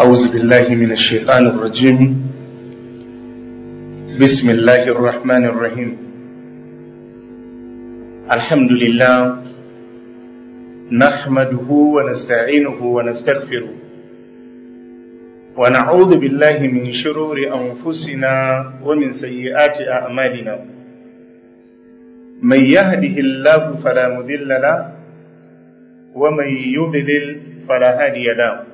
أعوذ بالله من الشيطان الرجيم بسم الله الرحمن الرحيم الحمد لله نحمده ونستعينه ونستغفره ونعوذ بالله من شرور أنفسنا ومن سيئات أعمالنا من يهده الله فلا مذل له ومن يضلل فلا هادي له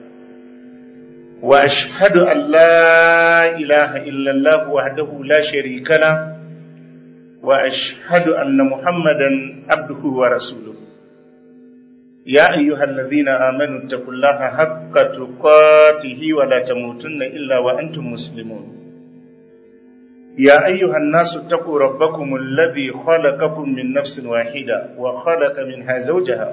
واشهد ان لا اله الا الله وحده لا شريك له واشهد ان محمدا عبده ورسوله يا ايها الذين امنوا اتقوا الله حق تقاته ولا تموتن الا وانتم مسلمون يا ايها الناس اتقوا ربكم الذي خلقكم من نفس واحده وخلق منها زوجها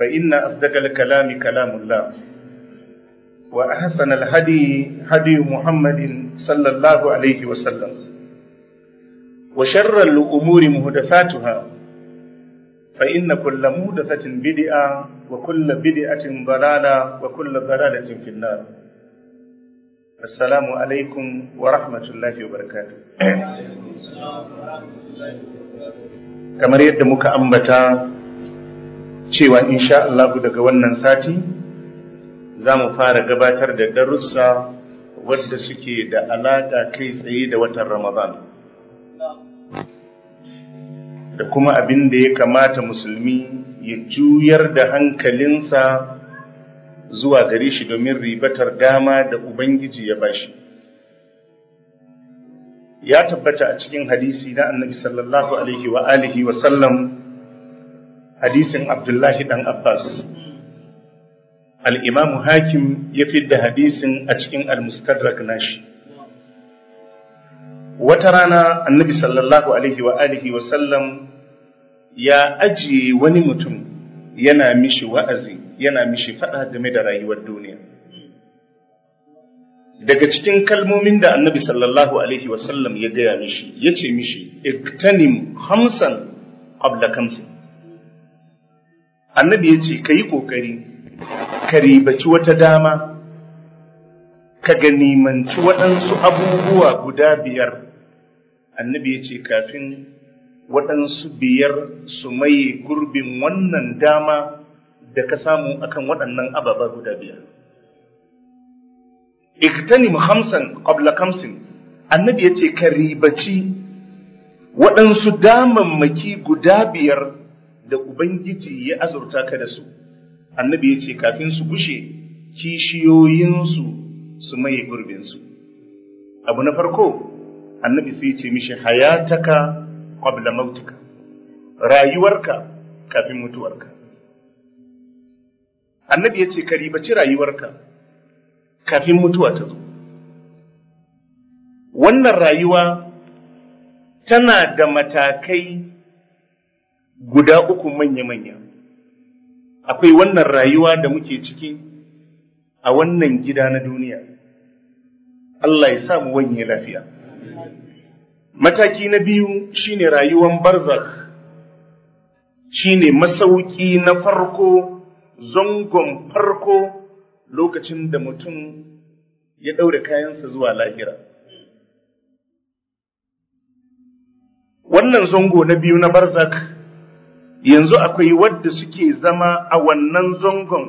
فإن أصدق الكلام كلام الله وأحسن الهدي هدي محمد صلى الله عليه وسلم وشر الأمور مهدثاتها فإن كل مهدثة بدعة وكل بدعة ضلالة وكل ضلالة في النار السلام عليكم ورحمة الله وبركاته كما يد مك أنبتا cewa insha Allah daga wannan sati za mu fara gabatar da darussa wadda suke da alaƙa kai tsaye da watan Ramadan. Da kuma abin da ya kamata musulmi ya juyar da hankalinsa zuwa gare shi domin ribatar dama da Ubangiji ya bashi. Ya tabbata a cikin hadisi na annabi sallallahu Alaihi wa alihi wa sallam hadisin abdullahi ɗan abbas al'imamu hakim ya fidda hadisin a cikin al-mustadrak nashi wata rana annabi sallallahu alaihi wa alihi ya ajiye wani mutum yana mishi wa'azi yana mishi faɗa game da rayuwar duniya daga cikin kalmomin da annabi sallallahu alaihi ya gaya mishi ya ce mishi iktanim hamsan qabla kamsin annabi ya ce ka yi ƙoƙari ka ribaci wata dama ka ganimanci waɗansu abubuwa guda biyar annabi ya ce kafin waɗansu biyar su maye gurbin wannan dama da ka samu akan waɗannan ababa guda biyar iktanim hamsan abla kamsin annabi ya ce ka ribaci waɗansu damammaki guda biyar da Ubangiji ya azurta ka da su, annabi ya ce kafin su gushe kishiyoyinsu su maye gurbinsu. Abu na farko, annabi sai ce mishi hayataka qabla mautuka, rayuwarka kafin mutuwarka. Annabi ya ce ka ribaci rayuwarka kafin mutuwa ta zo. Wannan rayuwa tana da matakai guda uku manya-manya akwai wannan rayuwa da muke ciki a wannan gida na duniya Allah ya samu wanye lafiya mataki na biyu shine rayuwan barzak shine masauki na farko zangon farko lokacin da mutum ya ɗaure kayansa zuwa lahira wannan zango na biyu na barzak yanzu akwai wadda suke zama a wannan zangon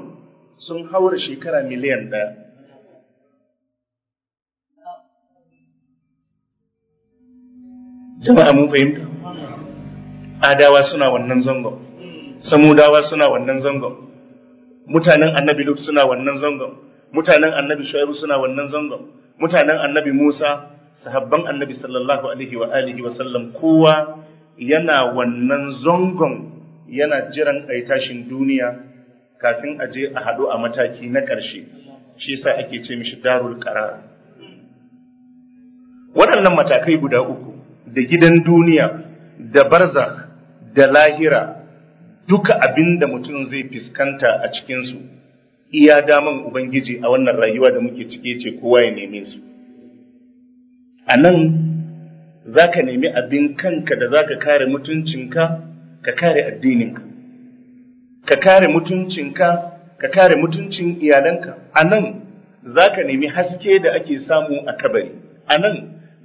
sun haura shekara miliyan ɗaya. Jama'a mun fahimta? Adawa suna wannan zangon, Samudawa suna wannan zangon, mutanen annabi Lut suna wannan zangon, mutanen annabi Shu'aibu suna wannan zangon, mutanen annabi Musa, sahabban annabi sallallahu alaihi wa alihi wa sallam kowa yana wannan zangon yana jiran a tashin duniya kafin a je a haɗu a mataki na ƙarshe shi sa ake ce mishi darul qarar waɗannan matakai guda uku da gidan duniya da barza da lahira duka abin da mutum zai fuskanta a cikinsu iya damar ubangiji a wannan rayuwa da muke cike ce kowa ya neme su a nan za ka nemi abin kanka da za ka kare mutuncinka ka kare addininka ka kare mutuncinka ka kare mutuncin iyalanka a nan za ka nemi haske da ake samu a kabari a nan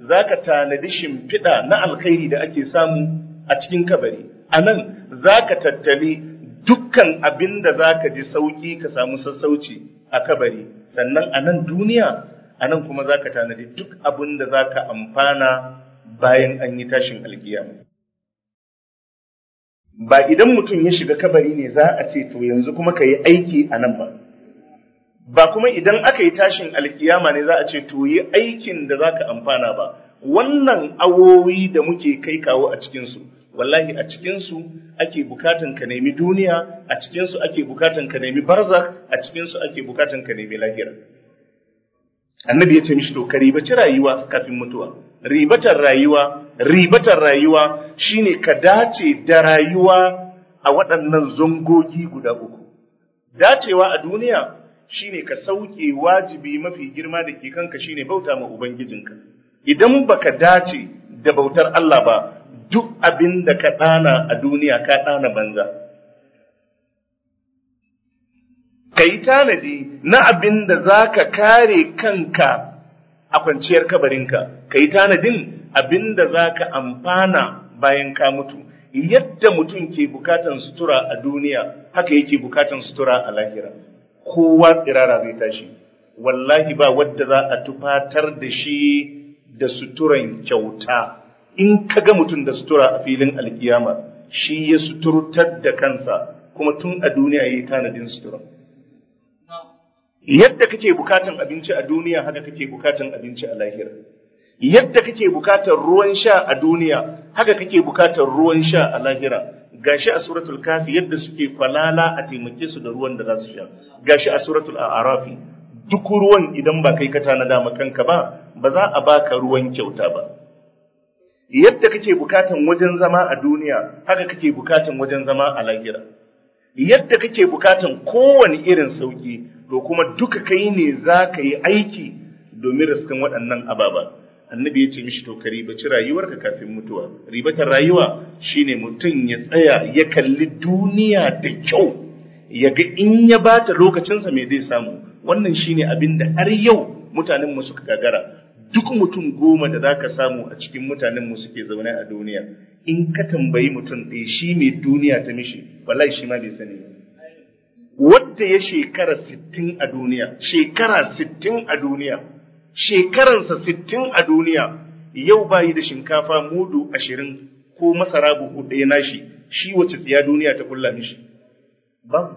za ka tanadi shimfiɗa na alkhairi da ake samu a cikin kabari a nan za ka tattali dukkan abin da za ka ji sauƙi ka samu sassauci a kabari sannan a nan duniya a nan kuma za ka tanadi duk abin da za ka amfana bayan an yi tashin alkiyama ba idan mutum ya shiga kabari ne za a ce to yanzu kuma ka yi aiki a nan ba ba kuma idan aka yi tashin alkiyama ne za a ce to yi aikin da za ka amfana ba wannan awowi da muke kai kawo a cikinsu wallahi a cikinsu ake bukatan ka nemi duniya a cikinsu ake bukatan ka nemi barzak a cikinsu ake bukatan ka nemi lahira annabi ya ce mishi to ka ribaci rayuwa kafin mutuwa ribatar rayuwa ribatar rayuwa shine ka dace da rayuwa a waɗannan zangogi guda uku dacewa a duniya shine ka sauke wajibi mafi girma da ke kanka shine bauta ma ubangijinka idan baka dace da bautar Allah ba duk abin da ka ɗana a duniya ka ɗana banza ka yi tanadi na abin da za ka kare kanka a kwanciyar kabarinka ka yi tanadin abinda za ka amfana bayan ka mutu yadda mutum ke bukatan sutura a duniya haka yake bukatan sutura a lahira kowa tsirara zai tashi wallahi ba wadda za a tufatar da shi da suturan kyauta in ka ga mutum da sutura a filin alkiyama shi ya suturtar da kansa kuma tun a duniya ya yi tanadin sutura yadda kake bukatan abinci a duniya haka kake bukatan abinci a lahira yadda kake bukatar ruwan sha a duniya haka kake bukatar ruwan sha a lahira gashi a suratul kafi yadda suke kwalala a taimake su da ruwan da za su sha gashi a suratul a'rafi duk ruwan idan ba kai ka tanada kanka ba ba za a baka ruwan kyauta ba yadda kake bukatan wajen zama a duniya haka kake bukatan wajen zama a lahira yadda kake bukatan kowane irin sauki to kuma duka kai ne za ka yi aiki domin riskan waɗannan ababa annabi ya ce mishi to ka ribaci rayuwarka kafin mutuwa ribatar rayuwa shine mutum ya tsaya ya kalli duniya da kyau ya ga in ya bata lokacinsa me zai samu wannan shine abin da har yau mutanen mu suka gagara duk mutum goma da zaka samu a cikin mutanen mu suke zaune a duniya in ka tambayi mutum ɗaya shi mai duniya ta mishi wallahi shi ma bai sani wadda ya shekara sittin a duniya shekara sittin a duniya shekaransa sittin a duniya yau bayi da shinkafa mudu ashirin ko masara buhu ɗaya nashi shi wacce tsiya duniya ta kulla mishi babu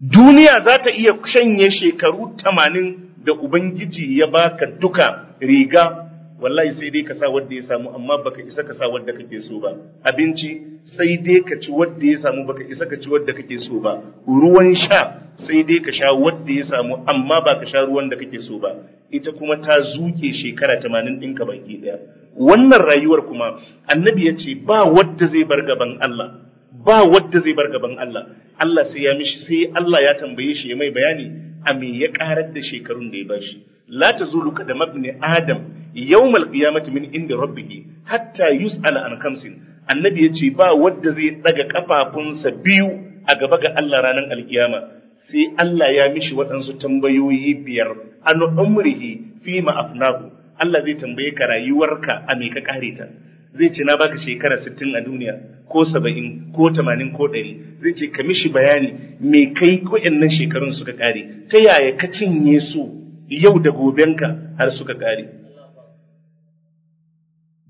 duniya za ta iya shanye shekaru tamanin da ubangiji ya baka duka riga wallahi sai dai ka sa wanda ya samu amma baka isa ka sa wanda kake so ba abinci sai dai ka ci wanda ya samu baka isa ka ci wanda kake so ba ruwan sha sai dai ka sha wanda ya samu amma baka sha ruwan da kake so ba ita kuma ta zuke shekara 80 ɗinka baki daya. wannan rayuwar kuma annabi ya ce ba wanda zai bar gaban Allah ba wanda zai bar gaban Allah Allah sai ya mishi sai Allah ya tambaye shi ya mai bayani a me ya karar da shekarun da ya bashi la tazulu kadamabni adam yawmal qiyamati min inda rabbih hatta yus an kamsin annabi yace ba wanda zai ɗaga kafafunsa biyu a gaba ga Allah ranar alkiyama sai Allah ya mishi waɗansu tambayoyi biyar an umrihi fi ma afnahu Allah zai tambayi ka rayuwarka a me ka kare ta zai ce na baka shekara 60 a duniya ko 70 ko 80 ko 100 zai ce ka mishi bayani me kai waɗannan shekarun suka kare ta yaya ka cinye su yau da gobenka har suka kare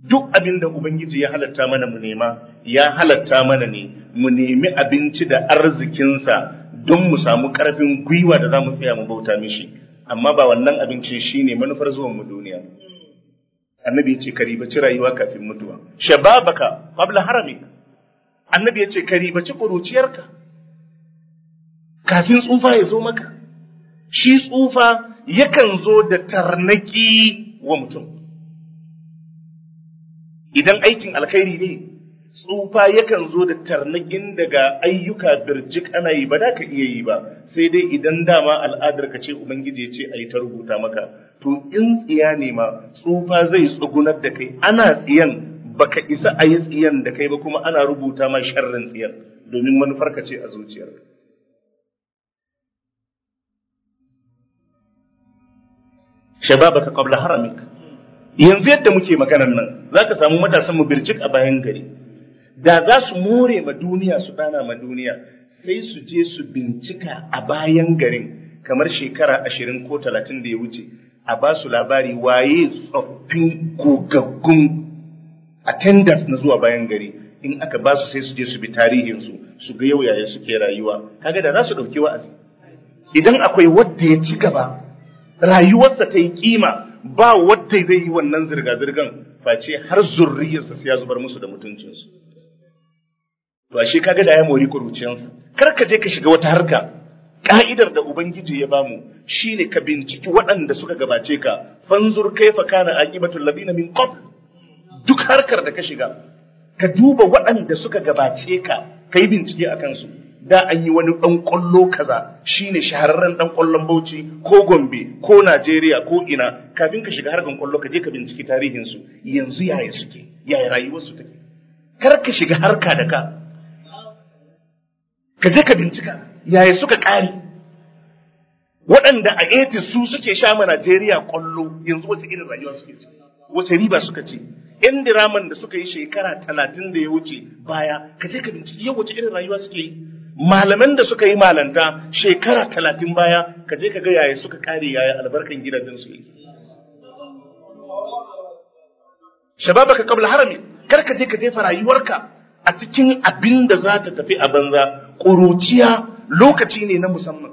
duk abin da Ubangiji ya halatta mana mu nema ya halatta mana ne mu nemi abinci da arzikinsa don mu samu ƙarfin gwiwa da za mu tsaya mu bauta mishi amma ba wannan abinci shi ne manufar zuwan mu duniya annabi ya ce ka ribaci rayuwa kafin mutuwa shababaka qabla haramik annabi ya ce ka ribaci ƙuruciyarka kafin tsufa ya zo maka shi tsufa yakan zo da tarnaki wa mutum idan aikin alkhairi ne tsufa yakan zo da tarnakin daga ayyuka birjik ana yi ba da ka iya yi ba sai dai idan dama al'adar ka ce ubangiji ce a yi ta rubuta maka to in tsiya ne ma tsufa zai tsugunar da kai ana tsiyan baka isa ayi yi tsiyan da kai ba kuma ana rubuta ma sharrin tsiyan domin manufar ka ce a zuciyar shababaka qabla haramika yanzu yadda muke maganar nan za ka samu matasan mu birjik a bayan gari da za su more ma duniya su dana ma duniya sai su je su bincika a bayan garin kamar shekara ashirin ko talatin da ya wuce a ba su labari waye tsoffin gogaggun attendance na zuwa bayan gari in aka ba su sai su je su bi tarihinsu su ga yau yaya suke rayuwa kaga da za su ɗauki wa'azi idan akwai wanda ya ci gaba rayuwarsa ta yi kima ba wadda zai yi wannan zirga-zirgan face har zurriyarsa sai ya zubar musu da mutuncinsu to ashe kaga da ya mori kuruciyansa kar ka je ka shiga wata harka ka'idar da ubangiji ya bamu shine ka binciki waɗanda suka gabace ka fanzur kaifa kana aqibatul ladina min qabl duk harkar da ka shiga ka duba waɗanda suka gabace ka kai bincike a kansu. da an yi wani ɗan ƙwallo kaza shine shahararren ɗan ƙwallon Bauchi ko Gombe ko Najeriya ko ina kafin ka shiga harkan ƙwallo ka je ka binciki tarihinsu yanzu yaya suke yaya rayuwarsu take kar ka shiga harka da ka ka je ka bincika yaya suka ƙari waɗanda a eti su suke sha ma Najeriya ƙwallo yanzu wace irin rayuwa suke ci wace riba suka ci yan diraman da suka yi shekara talatin da ya wuce baya ka je ka binciki yau wace irin rayuwa suke yi malaman da suka yi malanta shekara talatin baya ka je ka ga yaya suka kare yaya albarkan gidajen su Shababa ka kabla harami kar ka je ka jefa rayuwarka a cikin abin da za ta tafi a banza ƙuruciya lokaci ne na musamman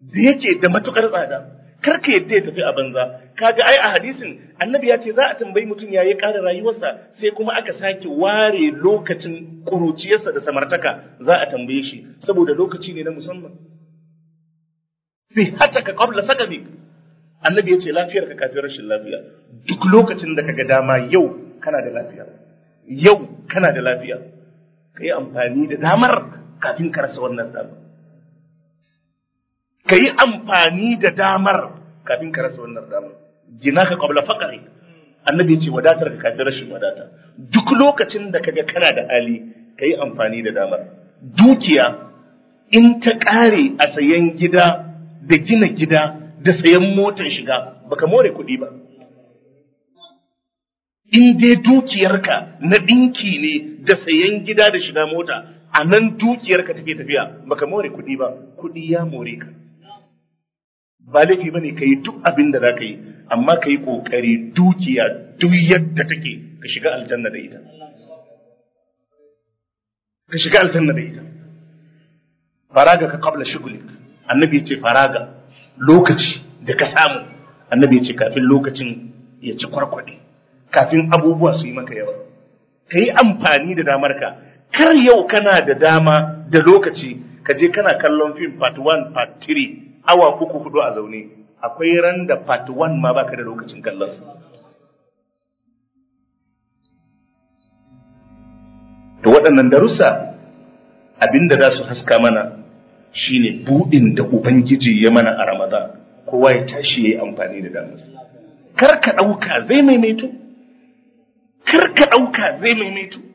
da yake da matuƙar tsada kar ka yadda ya tafi a banza kaga ai a hadisin annabi ya ce za a tambayi mutum ya yi ƙara rayuwarsa sai kuma aka sake ware lokacin ƙuruciyarsa da samartaka za a tambaye shi saboda lokaci ne na musamman Sai ka kwabla sakamik annabi ya ce lafiyarka kafin rashin lafiya duk lokacin da kaga dama yau kana da lafiya yau kana da lafiya ka yi amfani da damar kafin ka rasa wannan damar ka yi amfani da damar kafin ka rasa wannan damar gina ka kwabla fakari annabi ce wadatar ka kafin rashin wadata duk lokacin da kaga kana da hali ka yi amfani da damar dukiya in ta ƙare a sayan gida da gina gida da sayan motar shiga baka more kuɗi ba in dai dukiyarka na ɗinki ne da sayan gida da shiga mota a nan dukiyarka take tafiya baka more kuɗi ba kuɗi ya more ka ba laifi bane ka yi duk abin da za ka yi amma ka yi ƙoƙari dukiya duk yadda take ka shiga aljanna da ita ka shiga aljanna da ita faraga ka kabla shugulik annabi ya ce faraga lokaci da ka samu annabi ya ce kafin lokacin ya ci kwarkwade kafin abubuwa su yi maka yawa ka yi amfani da damar ka kar yau kana da dama da lokaci ka je kana kallon fim part 1 part 3 awa uku hudu a zaune akwai ran da part 1 ma baka da lokacin kallon sa to waɗannan darussa abinda za su haska mana shine buɗin da ubangiji ya mana a ramadan kowa ya tashi ya yi amfani da damarsa ɗauka zai maimaito kar ka ɗauka zai maimaito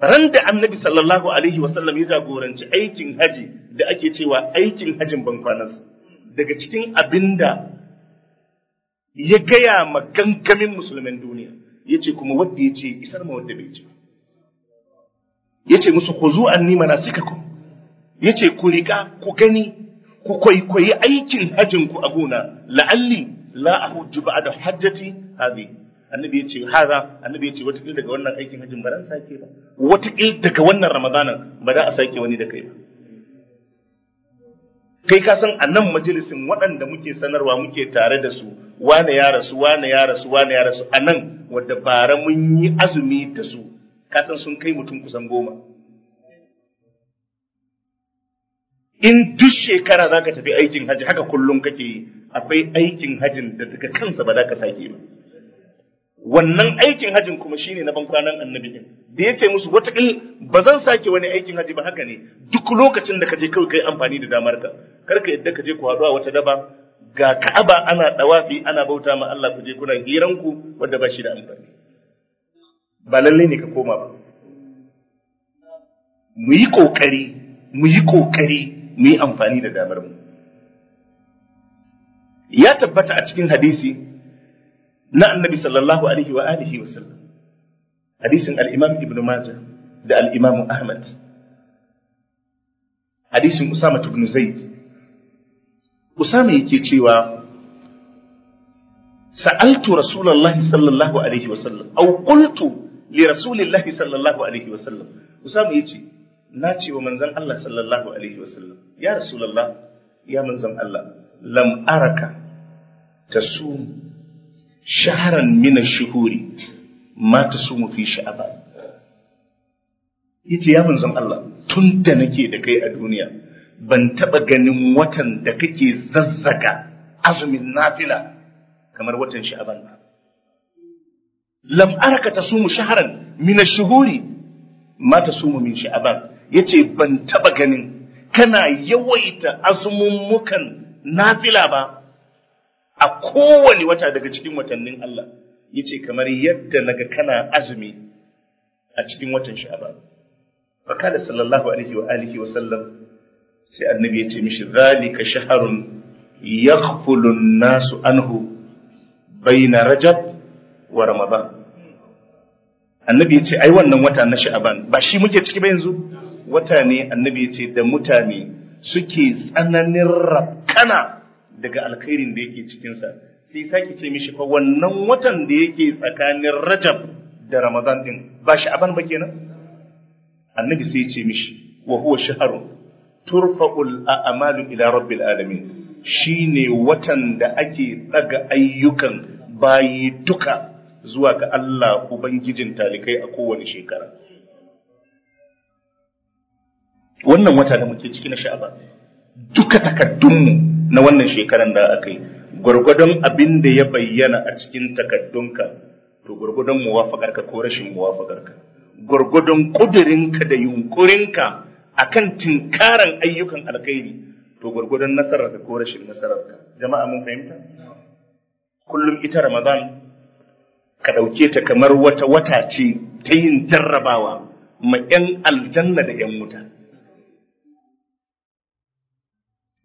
ran da annabi sallallahu alaihi wasallam ya jagoranci aikin haji da ake cewa aikin hajin bankwanansa daga cikin abinda ya gaya ma gangamin musulmin duniya ya ce kuma wadda ya ce isar ma wadda bai ce ya ce musu ku zo an nima na suka ku ya ce ku riƙa ku gani ku kwaikwayi aikin hajin ku a gona la'alli la a hujju da hajjati hadhihi annabi ya ce haza annabi ya ce watakil daga wannan aikin hajjin ba sake ba watakil daga wannan ramadanan ba za a sake wani da kai ba kai ka san a nan majalisin waɗanda muke sanarwa muke tare da su wane ya rasu wane ya rasu wane ya rasu a nan wadda bara mun yi azumi da su ka san sun kai mutum kusan goma in duk shekara za ka tafi aikin hajji haka kullum kake yi akwai aikin hajjin da daga kansa ba za ka sake ba wannan aikin hajin kuma shine na bankwanan annabi din da yace musu watakil ba zan sake wani aikin haji ba haka ne duk lokacin da ka kaje kawai kai amfani da damar ka Kar karka yadda kaje ku haɗu a wata daba ga Ka'aba ana dawafi ana bauta ma Allah kuje kuna hiran ku wanda ba shi da amfani ba lalle ne ka koma ba mu yi kokari mu yi kokari mu yi amfani da damar mu ya tabbata a cikin hadisi na annabi sallallahu alaihi wa alihi wa sallam hadisin al-imam ibn majah da al-imam ahmad hadisin usama ibn zaid usama yake cewa sa'altu rasulullahi sallallahu alaihi wa sallam aw qultu li rasulillahi sallallahu alaihi wa sallam usama yace na ce wa manzon Allah sallallahu alaihi wa sallam ya rasulullah ya manzon Allah lam araka tasum shaharan mina shuhuri mata su yace ya Allah tun da nake da kai a duniya ban taba ganin watan da kake zazzaka azumin nafila kamar watan sha'aban ba lam araka tasumu shaharan min ash-shuhuri ma tasumu yace ban taɓa ganin kana yawaita azumummukan nafila ba a kowane wata daga cikin watannin Allah ya ce kamar yadda naga kana azumi a cikin watan sha'aba. fa sallallahu alaihi wa alihi wa sallam sai annabi ya yace mishi zalika shaharun yaghfulu nasu anhu baina rajab wa ramadan annabi ya yace ai wannan wata na sha'aban ba shi muke ciki ba yanzu wata ne annabi ya ce, da mutane suke tsananin rakana. daga alkhairin da yake cikinsa sai sake ce mishi fa wannan watan da yake tsakanin rajab da ramadan din ba sha'aban ba kenan annabi sai ce mishi wa huwa shahru turfa'ul a'malu ila rabbil alamin shine watan da ake tsaga ayyukan bayi duka zuwa ga Allah ubangijin talikai a kowane shekara wannan wata da muke ciki na sha'aba duka takaddunmu na wannan shekaran da aka yi gwargwadon abin da ya bayyana a cikin takaddunka to gwargwadon muwafaƙarka ko rashin muwafaƙarka gwargwadon ƙudurinka da yunƙurinka akan tinkaran ayyukan alkhairi to gwargwadon nasararka ko rashin nasararka jama'a mun fahimta kullum ita ramadan ka ɗauke ta kamar wata wata ce ta yin jarrabawa ma 'yan aljanna da 'yan wuta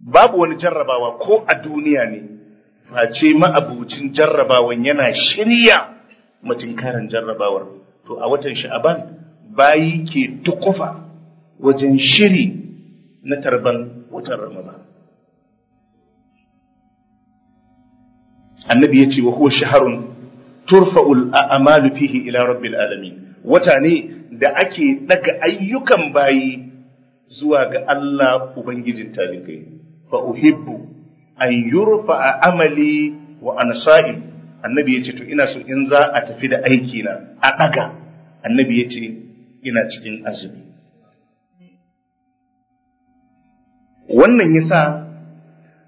babu wani jarrabawa ko a duniya ne face ma'abucin jarrabawan yana shirya matinkarin jarrabawar to a watan sha'aban bayi ke tukufa wajen shiri na tarban watan ramadan annabi ya ce wa huwa shaharun turfa'ul a'malu fihi ila rabbil alamin wata ne da ake daga ayyukan bayi zuwa ga Allah ubangijin talikai fa uhibbu an yurfa amali wa ana sa'im annabi yace to ina so in za a tafi da aiki na a daga annabi yace ina cikin azumi wannan yasa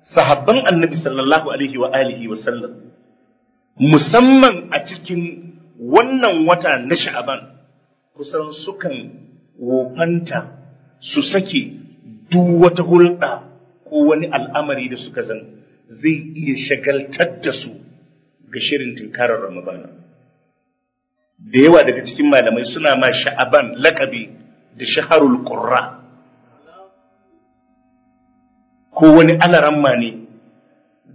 sahabban annabi sallallahu alaihi wa alihi wa sallam musamman a cikin wannan wata na sha'aban kusan sukan wofanta su sake duk wata hulɗa ko wani al'amari da suka zan zai iya shagaltar da su ga shirin tinkarar ramadana da yawa daga cikin malamai suna ma sha'aban lakabi da shaharul qurra ko wani alaramma ne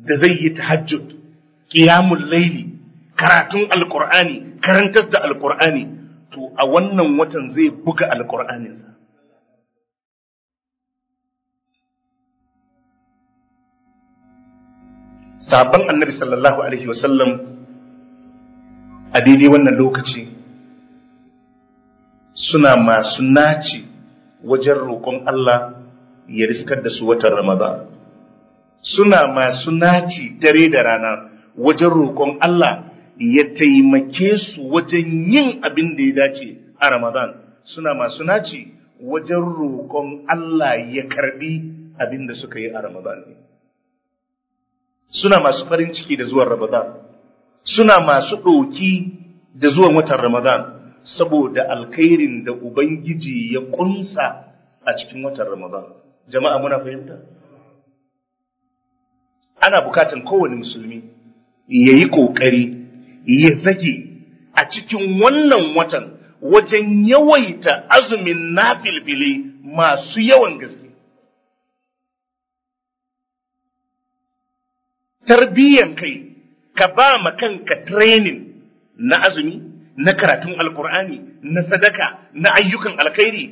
da zai yi tahajjud qiyamul layli karatun alqur'ani karantar da alqur'ani to a wannan watan zai buga alqur'aninsa saban annabi sallallahu alaihi wasallam a daidai wannan lokaci suna masu naci wajen roƙon Allah ya riskar da su watan Ramadan suna masu naci dare da rana wajen roƙon Allah ya taimake su wajen yin abin da ya dace a Ramadan suna masu naci wajen roƙon Allah ya karbi abin da suka yi a Ramadan suna masu farin ciki da zuwan Ramadan suna masu ɗoki da zuwan watan Ramadan saboda alkhairin da Ubangiji ya ƙunsa a cikin watan Ramadan jama'a muna fahimta ana bukatan kowane musulmi ya yi ƙoƙari ya zage a cikin wannan watan wajen yawaita azumin na filfili masu yawan gaske tarbiyyan kai ka ba ma kanka training na azumi na karatun alkur'ani na sadaka na ayyukan alkhairi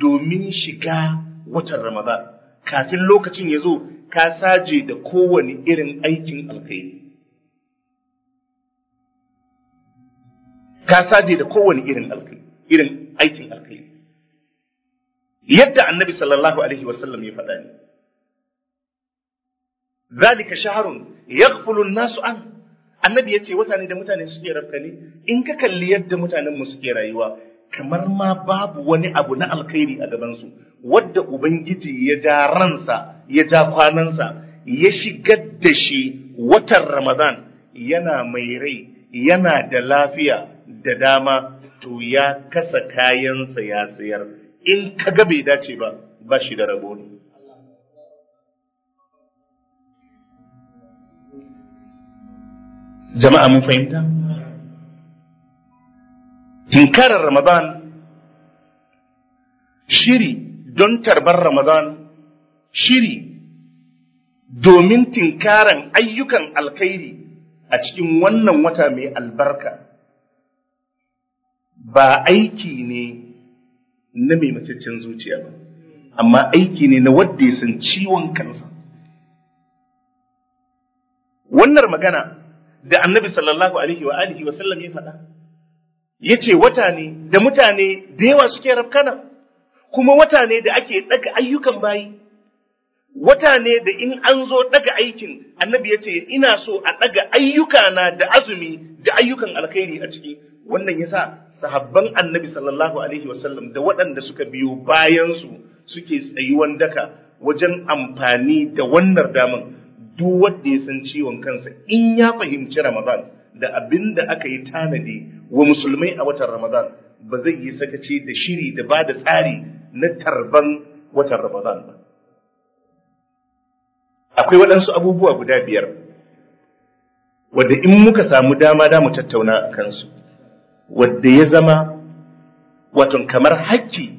domin shiga watan ramadan kafin lokacin ya zo ka saje da kowane irin aikin alkhairi ka saje da kowane irin alkhairi irin aikin alkhairi yadda annabi sallallahu alaihi wasallam ya faɗa ne zalika shaharun yaghfulu nasu an annabi yace wata da mutane suke rafkani in ka kalli yadda mutanen mu suke rayuwa kamar ma babu wani abu na alkhairi a gabansu wadda ubangiji ya ja ransa ya ja kwanansa ya shigar da shi watan ramadan yana mai rai yana da lafiya da dama to ya kasa kayansa ya sayar in kaga bai dace ba ba shi da rabo ne jama'a mun fahimta tinkarar ramadan shiri don tarbar ramadan shiri domin tinkaran ayyukan alkhairi a cikin wannan wata mai albarka ba aiki ne na mai macaccen zuciya ba amma aiki ne na wadda ya san ciwon kansa wannan magana da annabi sallallahu alaihi wa alihi wa sallam ya faɗa yace wata ne da mutane da yawa suke rafkana kuma wata ne da ake daga ayyukan bayi wata ne da in an zo daga aikin annabi yace ina so a daga na da azumi da ayyukan alkhairi a ciki wannan yasa sahabban annabi sallallahu alaihi wa sallam da waɗanda suka biyo bayan su suke tsayuwan daka wajen amfani da wannan daman duk wanda ya san ciwon kansa in ya fahimci Ramadan da abin da aka yi tanadi wa musulmai a watan Ramadan ba zai yi sakaci da shiri da ba da tsari na tarban watan Ramadan ba. Akwai waɗansu abubuwa guda biyar wadda in muka samu dama da mu tattauna a kansu wadda ya zama watan kamar haƙƙi,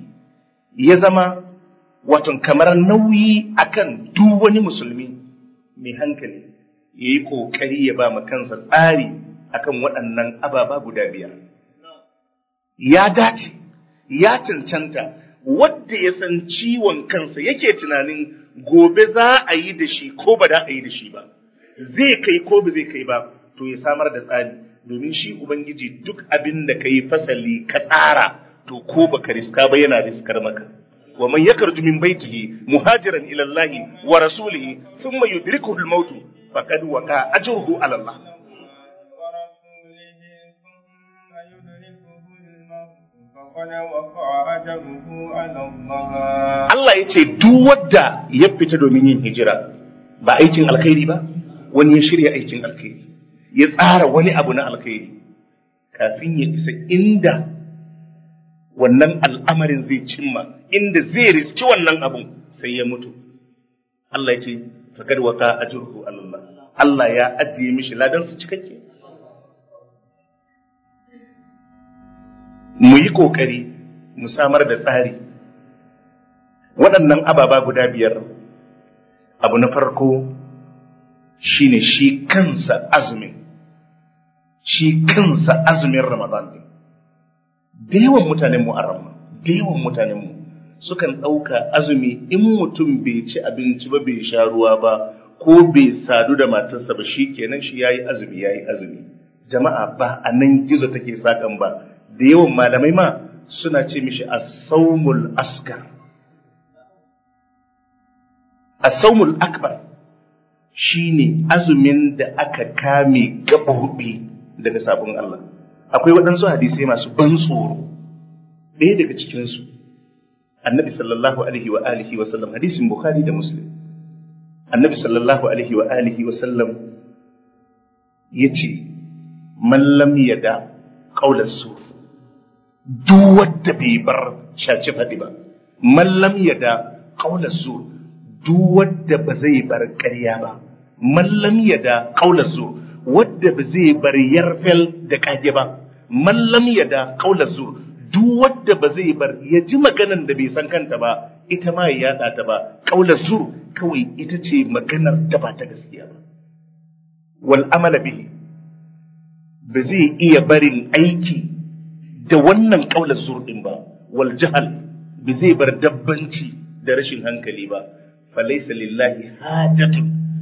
ya zama watan kamar nauyi akan duk wani musulmi mai hankali ya yi ƙoƙari ya ba kansa tsari a kan waɗannan ababa guda biyar. Ya dace, ya cancanta, wadda ya san ciwon kansa yake tunanin gobe za a yi da shi ko ba da a yi da shi ba, zai kai ko ba zai kai ba, to ya samar da tsari, domin shi Ubangiji duk abin da ka yi fasali ka tsara, to ko ba ka riska ba yana riskar maka. wa يخرج من بيته مهاجرا muhajiran الله ورسوله wa يدركه الموت فقد وقع اجره على الله Allah Allah ya ce duk wadda ya fita domin yin hijira ba aikin alkhairi ba wani ya shirya aikin alkhairi ya tsara wani abu na alkhairi kafin ya isa inda wannan al'amarin zai cimma inda zai riski wannan abun sai ya mutu Allah ya ce faqad waqa ajruhu Allah Allah ya ajiye mishi ladan su cikakke mu yi kokari mu samar da tsari waɗannan ababa guda biyar abu na farko shine shi kansa azumin shi kansa azumin ramadan din da yawan mutanenmu a ramma da yawan mutanenmu sukan ɗauka azumi in mutum bai ci abinci ba bai sha ruwa ba ko bai sadu da matarsa ba shi kenan shi yayi azumi yayi azumi jama'a ba a nan gizo take sakan ba da yawan malamai ma suna ce mishi as-saumul askar as-saumul akbar shine azumin da aka kame gabobi daga sabon Allah akwai waɗansu hadisai masu ban tsoro ɗaya daga cikinsu annabi sallallahu alaihi wa alihi wa sallam hadisin bukhari da muslim annabi sallallahu alaihi wa alihi wa sallam yace man lam yada qawla sur duk wanda bai bar shaci fadi ba man lam yada qawla sur duk wanda ba zai bar ƙarya ba man lam yada qawla sur wanda ba zai bar yarfel da kage ba man lam yada qawla sur duk wadda ba zai bar ya ji maganar da bai san kanta ba ita ma ya yada ta ba kaula zur kawai ita ce maganar da ba ta gaskiya ba wal amala bihi ba zai iya barin aiki da wannan kaula zur din ba wal jahal ba zai bar dabbanci da rashin hankali ba falaisa lillahi hajatu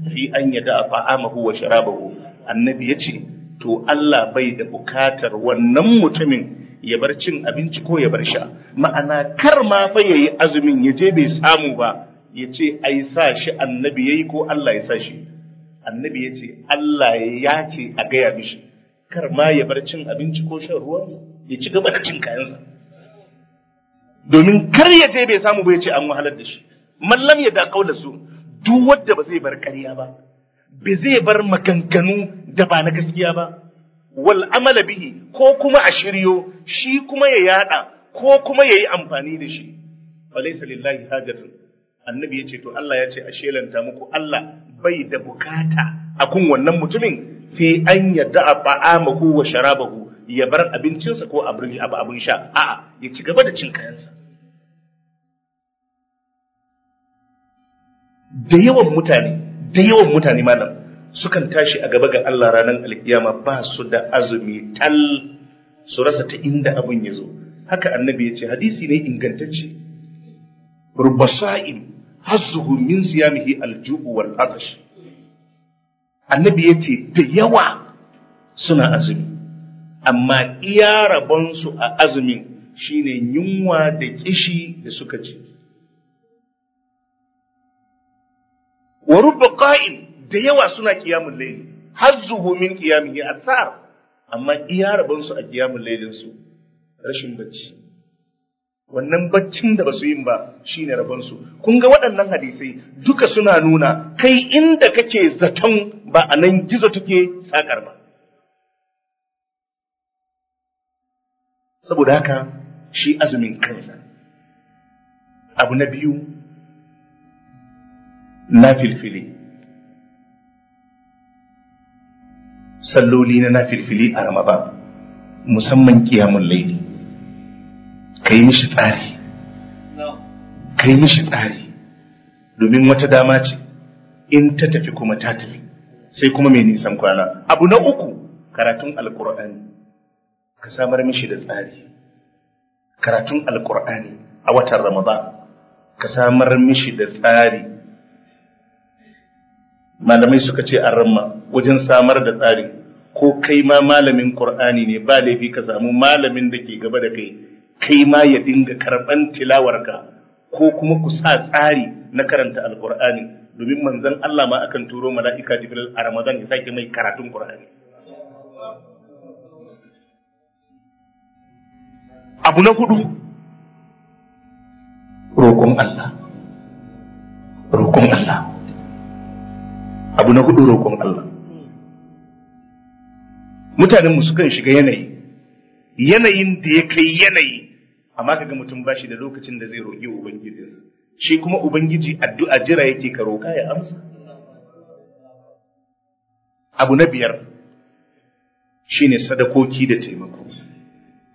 fi an yada fa'amahu wa sharabahu annabi yace to Allah bai da bukatar wannan mutumin ya bar cin abinci ko ya bar sha ma'ana kar ma fa yayi azumin ya je bai samu ba ya ce ai sa shi annabi yayi ko Allah ya sa shi annabi ya ce Allah ya ce a gaya mishi kar ma ya bar cin abinci ko shan ruwansa ya ci gaba da cin kayansa domin kar ya je bai samu ba ya ce an wahalar da shi mallam ya da kaula su duk wanda ba zai bar ƙarya ba bai zai bar maganganu da ba na gaskiya ba wal amala bihi ko kuma a shiryo shi kuma ya yada ko kuma yayi amfani da shi laysa lillahi hajatun annabi yace to Allah ya ce a shelanta muku Allah bai da bukata akun wannan mutumin fi an yadda ta'amahu wa sharabahu ya bar abincinsa ko abin abin sha a'a ya ci gaba da cin kayansa da yawan mutane da yawan mutane malam sukan tashi a gaba ga Allah ranar alkiyama ba su da azumi tal su rasa ta inda abin ya zo haka annabi ya ce hadisi ne ingantacce rubasa'in hazzuhu min siyamihi alju'u wal atash annabi ya ce da yawa suna azumi amma iya rabonsu a azumin shine yunwa da kishi da suka ci wa rubba qa'im da yawa suna kiyamun laili hazzuhu min kiyamihi asar amma iya rabon su a kiyamun lailin su rashin bacci wannan baccin da basu yin ba shine rabon su kun ga waɗannan hadisai duka suna nuna kai inda kake zaton ba a nan gizo take sakar ba saboda haka shi azumin kansa abu na biyu na filfili salloli na nafilfili a ramadan musamman kiyamun laili yi mishi tsari yi mishi tsari domin wata dama ce in ta tafi kuma ta tafi sai kuma mai nisan kwana abu na uku karatun alkur'ani ka samar mishi da tsari karatun alkur'ani a watan ramadan ka samar mishi da tsari malamai suka ce an ramma wajen samar da tsari ko kai ma malamin Qur'ani ne ba laifi ka samu malamin da ke gaba da kai kai ma ya dinga karɓan tilawarka ko kuma ku sa tsari na karanta alkur'ani domin manzon Allah ma akan turo mala'ika Jibril a Ramadan ya sake mai karatun Qur'ani abu na hudu roƙon Allah roƙon Allah abu na hudu roƙon Allah mutanen mu sukan shiga yanayi yanayin da ya kai yanayi amma kaga mutum bashi da lokacin da zai roƙi ubangijinsa shi kuma ubangiji addu'a jira yake ka roƙa ya amsa abu na biyar shine sadakoki da taimako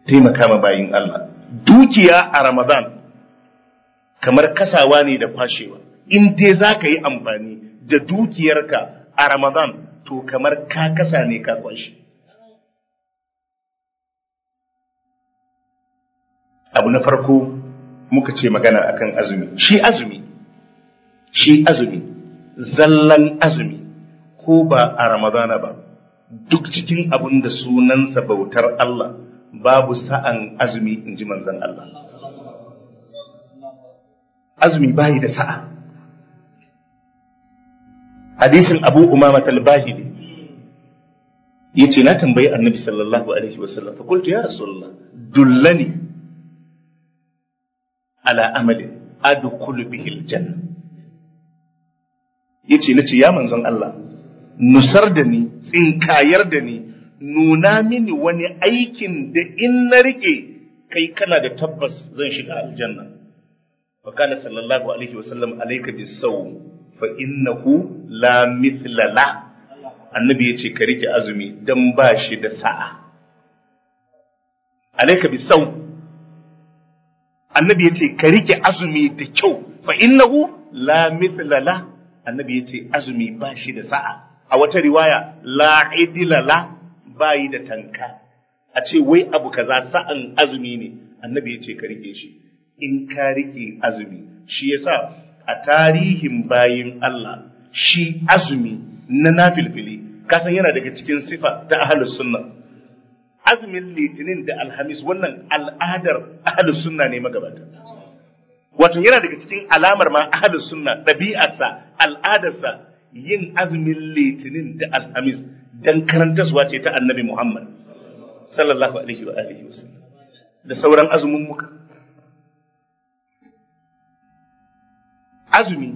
taimaka ma bayin Allah dukiya a Ramadan kamar kasawa ne da kwashewa in dai zaka yi amfani da dukiyarka a Ramadan to kamar ka kasa ne ka kwashe abu na farko muka ce magana akan azumi shi azumi shi azumi zallan azumi ko ba a ramadana ba duk cikin abun da sunansa bautar Allah babu sa'an azumi in ji manzan Allah azumi bayi da sa'a hadisin abu umama talbahili ya ce na tambayi annabi sallallahu alaihi wasallam fakultu ya rasulullah dullani ala amalin adkhulu bihil janna yace nace ya manzon Allah nusar da ni tsinkayar da ni nuna mini wani aikin da in na rike kai kana da tabbas zan shiga aljanna fa kana sallallahu alaihi wasallam alayka bisawm fa innahu la mithla la annabi yace ka rike azumi dan ba shi da sa'a alayka bisawm annabi ya ce ka rike azumi da kyau fa innahu la mithla la annabi ya ce azumi ba shi da sa'a a wata riwaya la idila la ba yi da tanka a ce wai abu kaza sa'an azumi ne annabi ya ce ka rike shi in ka rike azumi shi yasa a tarihin bayin Allah shi azumi na nafilfili kasan yana daga cikin sifa ta ahlus sunna azumin litinin da alhamis wannan al'adar ahalus sunna ne magabata wato yana daga cikin alamar ma ahalus sunna ɗabi'arsa al'adarsa yin azumin litinin da alhamis dan karantaswa ce ta annabi muhammad sallallahu alaihi wa alihi da sauran azumin muka azumi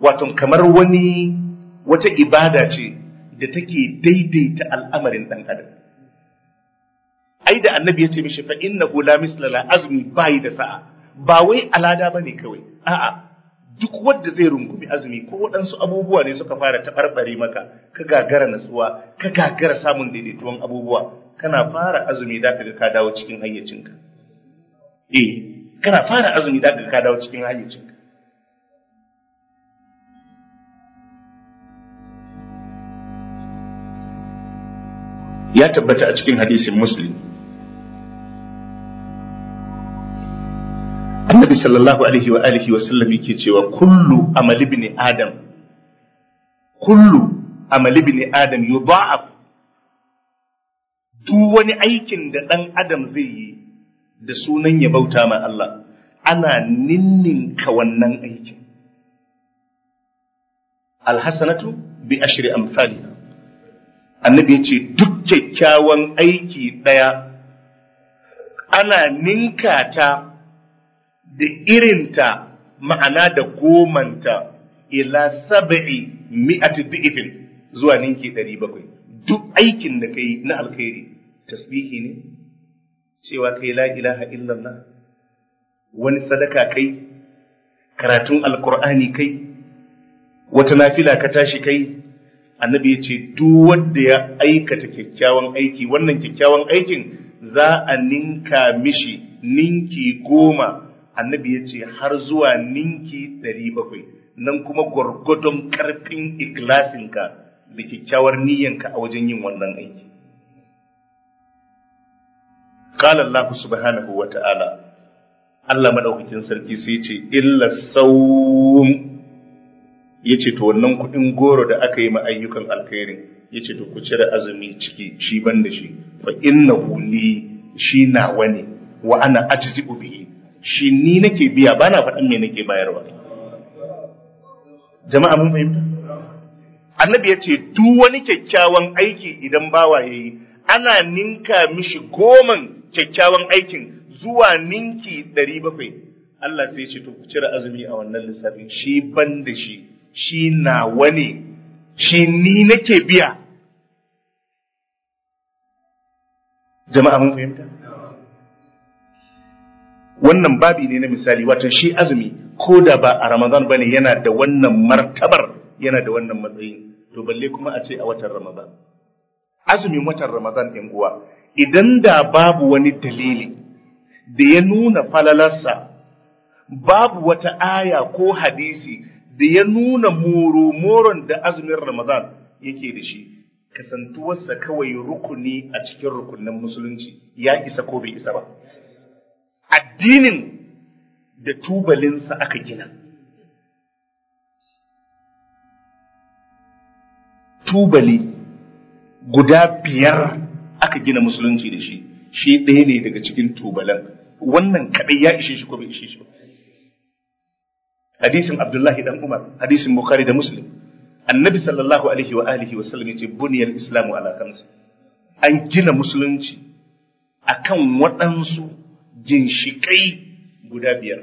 wato kamar wani wata ibada ce da take daidaita al'amarin ɗan adam ai da annabi ya ce mishi fa hu la misla azmi bai da sa'a ba wai alada bane kawai a'a duk wanda zai rungumi azumi ko waɗansu abubuwa ne suka fara taɓarɓare maka ka gagara natsuwa ka gagara samun daidaituwan abubuwa kana fara azumi da kaga ka dawo cikin hayyacinka eh kana fara azumi da kaga ka dawo cikin hayyacinka ya tabbata a cikin hadisin muslim annabi sallallahu alaihi wa alihi wa sallam yake cewa kullu amal ibn adam kullu amal ibn adam yudha'af duk wani aikin da dan adam zai yi da sunan ya bauta ma Allah ana ninninka wannan aikin alhasanatu bi ashri amsalina annabi yace ce duk kyakkyawan aiki ɗaya ana ninka ta da irinta ma'ana da gomanta ila sab'i mi'ati du'ifin zuwa ninki ɗari bakwai duk aikin da kai na alkhairi tasbihi ne cewa kai la ilaha illallah wani sadaka kai karatun alkur'ani kai wata nafila ka tashi kai annabi ya ce duk wanda ya aikata kyakkyawan aiki wannan kyakkyawan aikin za a ninka mishi ninki goma annabi ya ce har zuwa ninki ɗari bakwai nan kuma gwargwadon ƙarfin ikilasinka da kyakkyawar niyyarka a wajen yin wannan aiki. Kala Allah subhanahu wa ta'ala, Allah maɗaukakin sarki sai ce, illa saum ya ce to wannan kuɗin goro da aka yi ma ayyukan alkhairin ya ce to ku cire azumi ciki shi ban da shi fa inna shi na wani wa ana ajzi shi ni nake biya ba na faɗin me nake bayarwa jama'a mun fahimta annabi ya ce duk wani kyakkyawan aiki idan bawa ya yi ana ninka mishi goman kyakkyawan aikin zuwa ninki ɗari bakwai Allah sai ce to ku cire azumi a wannan lissafin shi ban da shi shi na wani. shi ni nake biya jama'a mun fahimta wannan babi ne na misali watan shi azumi ko da ba a ramadan bane yana da wannan martabar yana da wannan matsayin to balle kuma a ce a watan ramadan azumin watan ramadan ɗin uwa idan da babu wani dalili da ya nuna falalarsa babu wata aya ko hadisi da ya nuna moro-moron da azumin ramadan yake da shi kasantuwarsa kawai rukuni a cikin rukunin musulunci ya isa ko bai isa ba addinin da tubalinsa aka gina. Tubali guda biyar aka gina musulunci da shi, shi ɗaya ne daga cikin tubalan. Wannan kaɗai ya ishe shi ko bai ishe shi ba. Hadisin Abdullahi ɗan Umar, hadisin Bukhari da Muslim. Annabi sallallahu alaihi wa alihi wa sallam ce buniyar Islamu ala An gina musulunci a kan waɗansu ginshiƙai guda biyar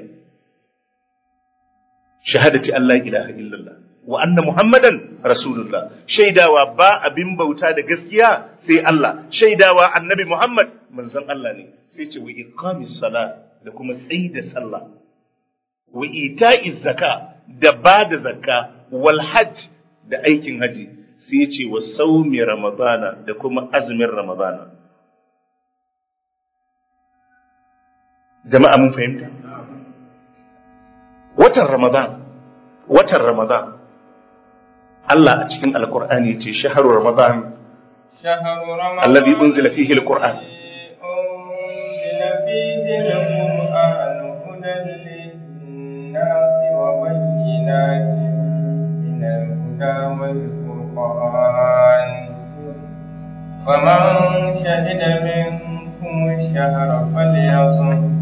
shahadati Allah ilaha illallah wa anna muhammadan rasulullah shaidawa ba abin bauta da gaskiya sai Allah shaidawa annabi muhammad manzon Allah ne sai ce wa iqamis sala da kuma tsayi da sallah wa ita'iz zaka da ba da zakka wal hajj da aikin haji sai ce wa saumi ramadana da kuma azumin ramadana jama'a mun fahimta watan ramadan watan ramadan Allah a cikin alkur'ani ce shaharu ramadan alladhi unzila fihi alquran فمن شهد منكم الشهر فليصم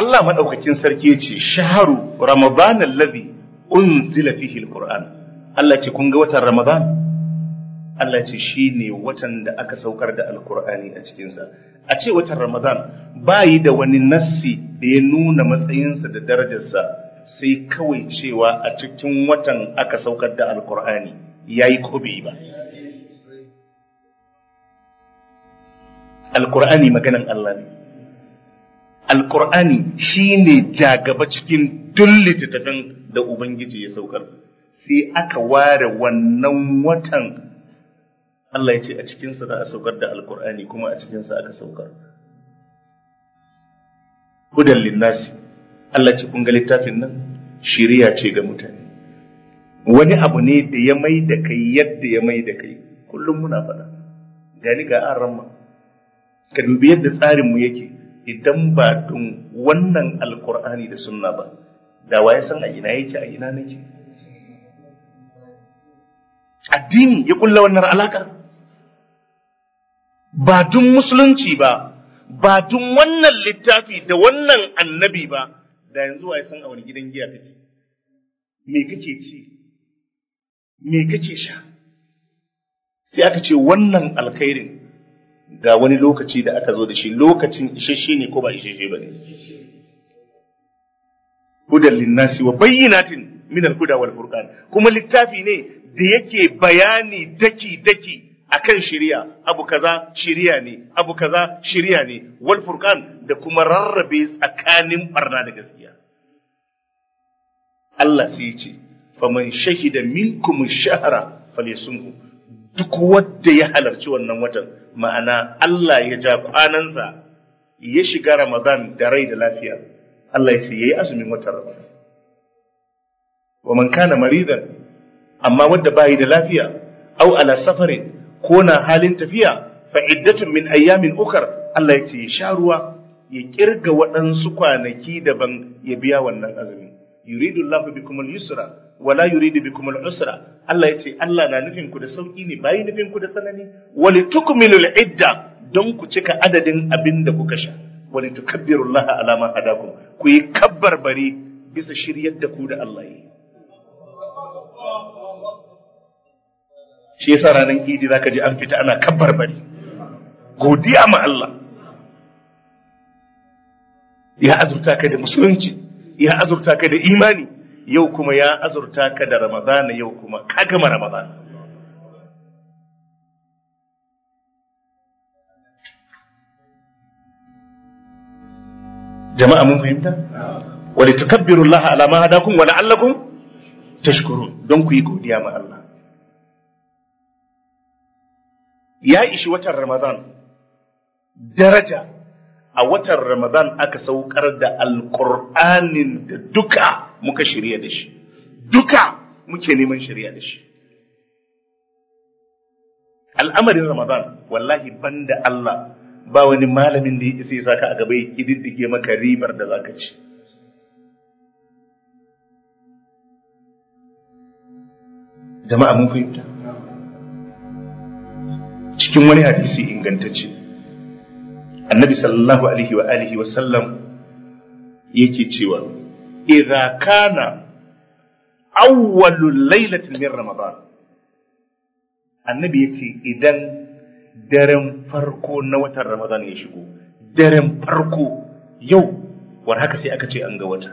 Allah madaukakin sarki yace shaharu ramadan alladhi unzila fihi alquran Allah ce kun ga watan ramadan Allah ce shine watan da aka saukar da alqur'ani a cikinsa. sa a ce watan ramadan bayi da wani nassi da ya nuna matsayinsa da darajarsa sai kawai cewa a cikin watan aka saukar da alqur'ani yayi ko bai ba alqur'ani maganan Allah ne alkur'ani ne jagaba cikin duk littattafan da ubangiji ya saukar sai aka ware wannan watan Allah ya ce a cikinsa za a saukar da alkur'ani kuma a cikinsa aka saukar hudan linnasi Allah ce kunga littafin nan shiriya ce ga mutane wani abu ne da ya mai da kai yadda ya mai da kai kullum muna faɗa gani ga an ramma ka dubi yadda tsarinmu yake idan ba tun wannan alkur'ani da sunna ba da waye san a ina yake a ina nake addini ya kulla wannan alakar ba tun musulunci ba ba tun wannan littafi da wannan annabi ba da yanzu waye san a wani gidan giya kake me kake ci me kake sha sai aka ce wannan alkhairin ga wani lokaci da aka zo da shi lokacin isasshe ne ko ba isasshe ba ne hudan linnasi wa bayyinatin min al-huda wal furqan kuma littafi ne da yake bayani daki daki akan shari'a abu kaza shari'a ne abu kaza shari'a ne wal furqan da kuma rarrabe tsakanin barna da gaskiya Allah sai ya ce faman shahida minkum shahra falyasumhu duk wanda ya halarci wannan watan ma'ana Allah ya ja kwanansa ya shiga Ramadan da rai da lafiya Allah ya ce yayi azumin watan Ramadan wa man kana maridan amma wanda bai da lafiya au ala safarin ko na halin tafiya fa iddatun min ayyamin ukar Allah ya ce ya sha ruwa ya kirga waɗansu kwanaki daban ya biya wannan azumin yuridu Allahu bikumul yusra wala yuridu bikum al-usra Allah yace Allah na nufin ku da sauki ne bai nufin ku da sanani wali tukmilul idda don ku cika adadin abin da kuka sha wali tukabbirullaha ala ma hadakum ku yi kabbar bari bisa shiryar da ku da Allah yi shi yasa ranar idi zaka ji an fita ana bari godiya ma Allah ya azurta ka da musulunci ya azurta ka da imani yau kuma ya azurta ka da ramadana yau kuma ka gama ramadana jama'a mun fahimta wani tukabbiru Allah ala ma wani wa tashkuru don ku yi godiya ma Allah ya ishi watan Ramadan daraja a watan Ramadan aka saukar da alƙur'anin da duka muka shirya da shi duka muke neman shirya da shi al'amarin ramadan wallahi banda Allah ba wani malamin da ya isa ya saka a gaba ya diddige maka ribar da zaka ci jama'a mun fahimta cikin wani hadisi ingantacce annabi sallallahu alaihi wa alihi wa sallam yake cewa idza kana awwalul lailatin min ramadan annabi yace idan daren farko na watan ramadan ya shigo daren farko yau war haka sai aka ce an ga wata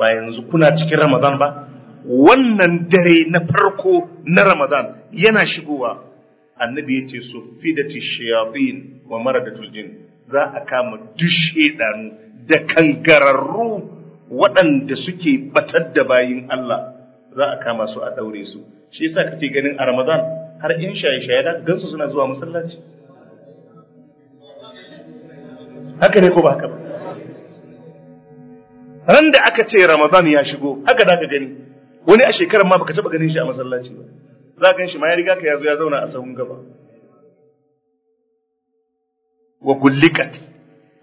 ba yanzu kuna cikin ramadan ba wannan dare na farko na ramadan yana shigowa annabi yace sufidati shayatin wa maradatul jin za a kama duk shedanu da kangararru waɗanda suke batar da bayin Allah za a kama su a ɗaure su shi yasa kake ganin a Ramadan har in shaye-shaye da gansu suna zuwa masallaci haka ne ko ba haka ba ran da aka ce Ramadan ya shigo haka da aka gani wani a shekarar ma baka taba ganin shi a masallaci ba za a gan shi ma ya riga ka zo ya zauna a sahun gaba wa gullikat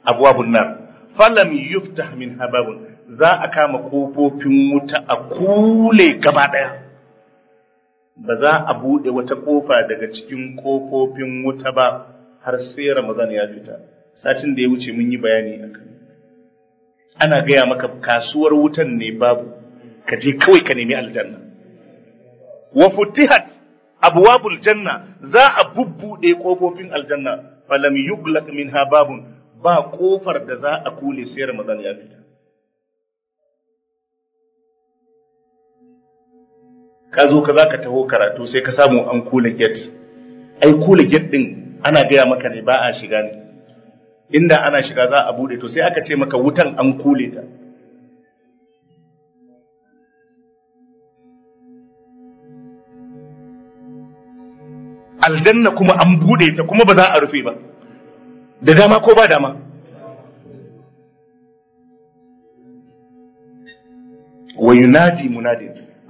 abwabun nar falam yuftah min hababun za a kama kofofin wuta a kule gaba ɗaya ba za a buɗe wata ƙofa daga cikin ƙofofin wuta ba har sai ramadan ya fita satin da ya wuce mun yi bayani a kan ana gaya maka kasuwar wutan ne babu ka je kawai ka nemi aljanna wa futihat abwabul janna za a bubbuɗe ƙofofin aljanna falam yuglaq minha babun ba ƙofar da za a kule sai ramadan ya fita ka zo ka za ka taho karatu sai ka samu an kula get ai kula get din ana gaya maka ne ba a shiga ne inda ana shiga za a bude to sai aka ce maka wutan an kule ta aljanna kuma an bude ta kuma ba za a rufe ba da dama ko ba dama wa yunadi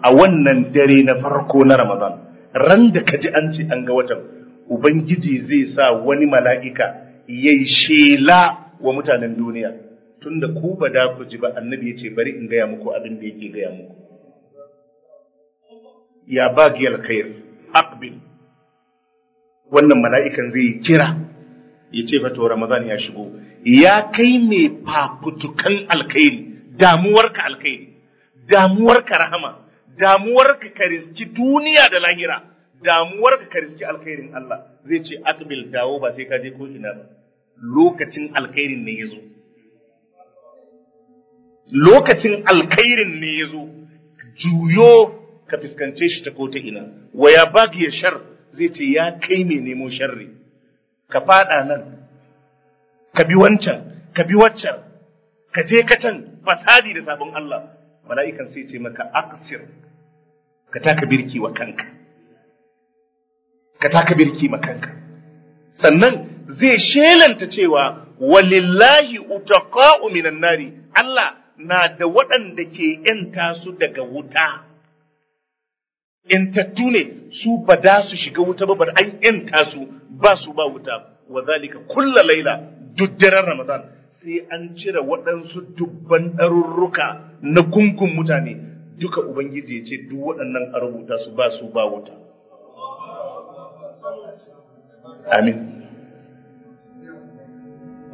a wannan dare na farko na Ramadan ran da ka ji an ce an ga watan ubangiji zai sa wani mala'ika yayi shela wa mutanen duniya tunda ku ba da ku ji ba annabi ya ce bari in gaya muku abin da yake gaya muku ya bagi alkhair aqbil wannan mala'ikan zai kira ya ce fato ramadan ya shigo ya kai mai fafutukan alkhairi damuwarka alkhairi damuwarka rahama Damuwar ka riski duniya da lahira damuwarka ka riski alkhairin Allah zai ce aqbil dawo ba sai ka je ko ina ba lokacin alkhairin ne yazo lokacin alkhairin ne yazo juyo ka fiskance shi ta ko ta ina wa ya bagi ya shar zai ce ya kai mai nemo sharri ka fada nan ka bi wancan ka bi waccan ka je ka can fasadi da sabon Allah mala'ikan sai ce maka aksir ka taka birki wa kanka ka taka birki ma kanka sannan zai shelanta cewa walillahi utaqa'u minan nari Allah na da waɗanda ke ‘yanta su daga wuta, ‘yantattu ne su ba da su shiga wuta ba, an ‘yanta su ba su ba wuta, wa zalika kulla laila duk daren Ramadan sai an cire waɗansu dubban ɗarurruka na gungun mutane duka ubangiji ya ce duk waɗannan a rubuta su ba su ba wuta amin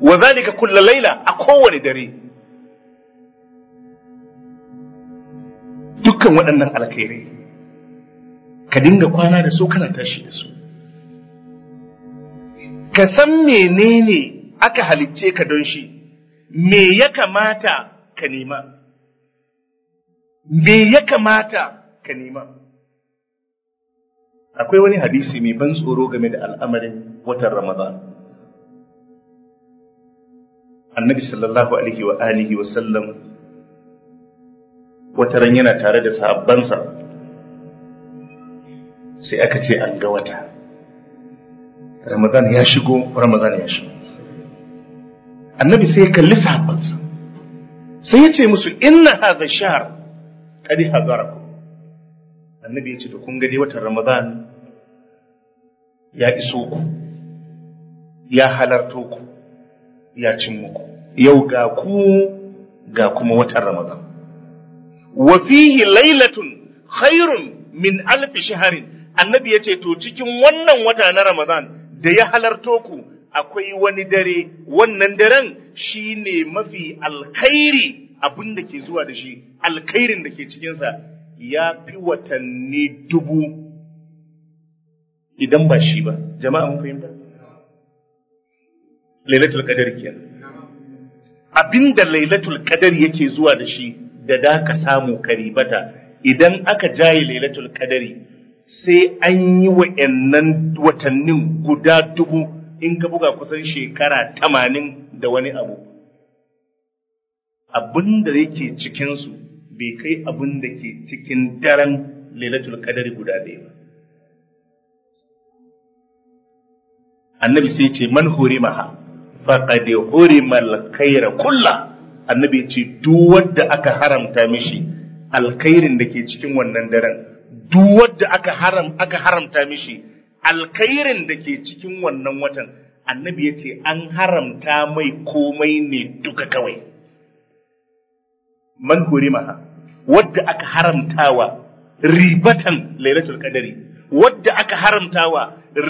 wa zalika kulla laila a kowane dare dukkan waɗannan alkhairai ka dinga kwana da su kana tashi da su ka san menene aka halicce ka don shi me ya kamata ka nema me ya kamata ka nema akwai wani hadisi mai ban tsoro game da al'amarin watan ramadan annabi sallallahu alaihi wa alihi wa sallam wataran yana tare da sahabbansa sai aka ce an ga wata ramadan ya shigo ramadan ya shigo annabi sai ya kalli sahabbansa sai ya ce musu inna hadha shahr kadi ku? annabi ya ce to kun ga dai watan ramadan ya iso ku ya halarto ku ya cin muku yau ga ku ga kuma watan ramadan wa fihi lailatun khairun min alfi shaharin annabi ya ce to cikin wannan wata na ramadan da ya halarto ku akwai wani dare wannan daren shine mafi alkhairi abin da ke zuwa da shi alkhairin da ke cikinsa ya fi watanni dubu idan ba shi ba jama'a mun fahimta lailatul qadar kenan abin da lailatul qadar yake zuwa da shi da da ka samu karibata idan aka jaye lailatul qadari sai an yi wa'annan watannin guda dubu in ka buga kusan shekara tamanin da wani abu abin da yake cikinsu bai kai abin da ke cikin daren lailatul kadari guda ɗaya ba annabi sai ce man hurimaha faqad hurimal khaira kulla. annabi ce duk wanda aka haramta mishi alkhairin da ke cikin wannan daren duk wanda aka haram aka haramta mishi alkhairin da ke cikin wannan watan annabi ya ce an haramta mai komai ne duka kawai man hurimaha wadda aka haramtawa ribatan lailatul qadari wadda aka haramtawa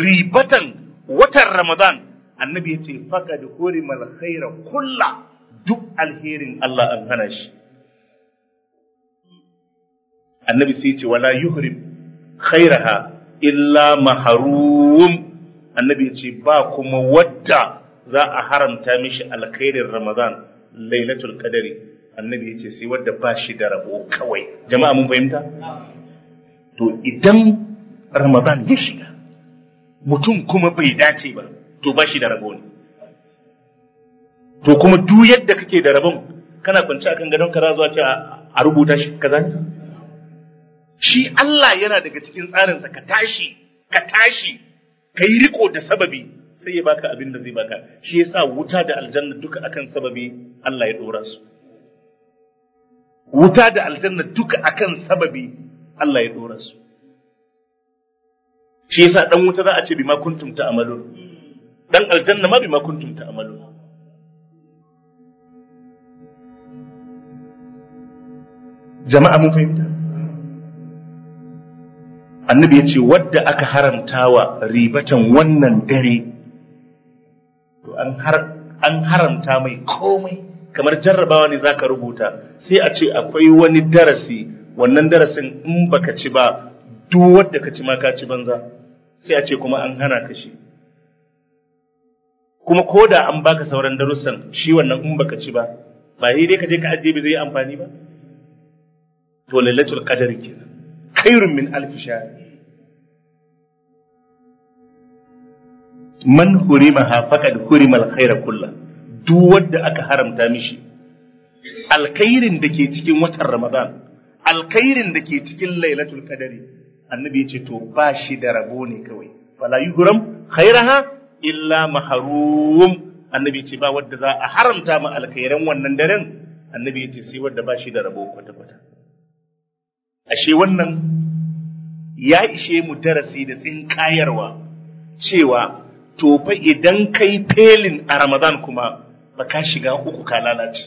ribatan watan ramadan annabi yace faqad hurimal khaira kulla duk alherin Allah an hana shi annabi sai yace wala yuhrim khairaha illa maharum annabi yace ba kuma wadda za a haramta mishi alkhairin ramadan lailatul qadari annabi ya ce sai wadda ba shi da rabo kawai jama'a mun fahimta to idan ramadan ya shiga mutum kuma bai dace ba to ba shi da rabo ne to kuma duk yadda kake da rabon kana kwanci akan gadon ka zuwa ce a rubuta shi kaza ne shi Allah yana daga cikin tsarinsa ka tashi ka tashi ka yi riko da sababi sai ya baka abin da zai baka shi yasa wuta da aljanna duka akan sababi Allah ya dora su wuta da aljanna duka akan sababi Allah ya dora su shi yasa dan wuta za a ce bima kuntum ta'malun dan aljanna ma bima kuntum ta'malun jama'a mun fahimta annabi ya ce wadda aka haramtawa ribatan wannan dare to an haramta mai komai kamar jarrabawa ne zaka rubuta sai a ce akwai wani darasi wannan darasin in baka ci ba duk wanda ka ci ma ka ci banza sai a ce kuma an hana ka shi kuma ko da an baka sauran darussan shi wannan in baka ci ba ba dai ka je ka ajiye bai zai amfani ba to lailatul qadar kenan khairun min alf shahr man hurima hurimaha faqad hurimal khayra kullahu duk wanda aka haramta mishi alkhairin da ke cikin watan ramadan alkhairin da ke cikin lailatul qadari annabi ya ce to ba shi da rabo ne kawai fala yuhram khairaha illa mahrum annabi ya ce ba wanda za a haramta mu alkhairan wannan daren annabi ya ce sai wanda ba shi da rabo kwata kwata ashe wannan ya ishe mu darasi da tsinkayarwa cewa to fa idan kai felin a ramadan kuma ba ka shiga uku ka lalace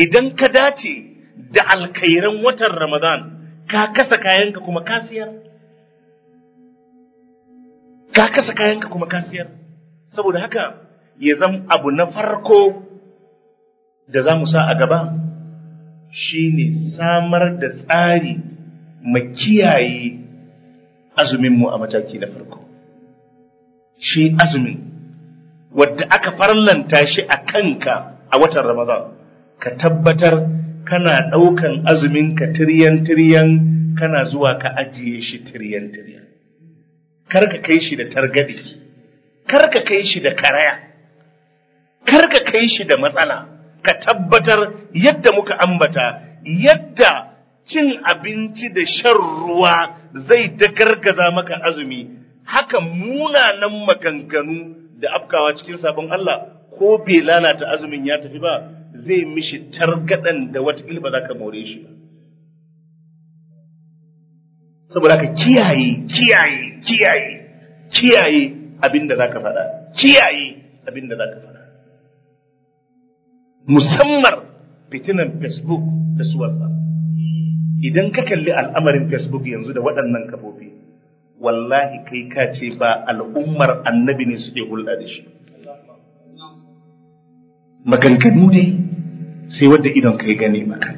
idan ka dace da alkairan watan ramadan ka kasa kayanka kuma ka siyar ka kasa kayanka kuma ka siyar saboda haka ya zama abu na farko da za mu sa a gaba shi ne samar da tsari ma kiyaye azuminmu a mataki na farko shi azumin wadda aka farlanta shi a kanka a watan Ramadan ka tabbatar kana ɗaukan azumin ka tiryan tiryan kana zuwa ka ajiye shi tiryan tiryan kar ka kai shi da targaɗe kar ka kai shi da karaya kar ka kai shi da matsala ka tabbatar yadda muka ambata yadda cin abinci da shan ruwa zai dagargaza maka azumi haka munanan maganganu da afkawa cikin sabon Allah ko bai lalata azumin ya tafi ba zai mishi targaɗan da wata ba za ka more shi ba saboda ka kiyaye kiyaye kiyaye kiyaye abin da za ka faɗa kiyaye abin za ka faɗa musamman fitinan facebook da su whatsapp idan ka kalli al'amarin facebook yanzu da waɗannan kafo wallahi kai ka ce ba al'ummar annabi ne suke hulɗa da shi maganganu dai sai wadda idon ka yi gane maka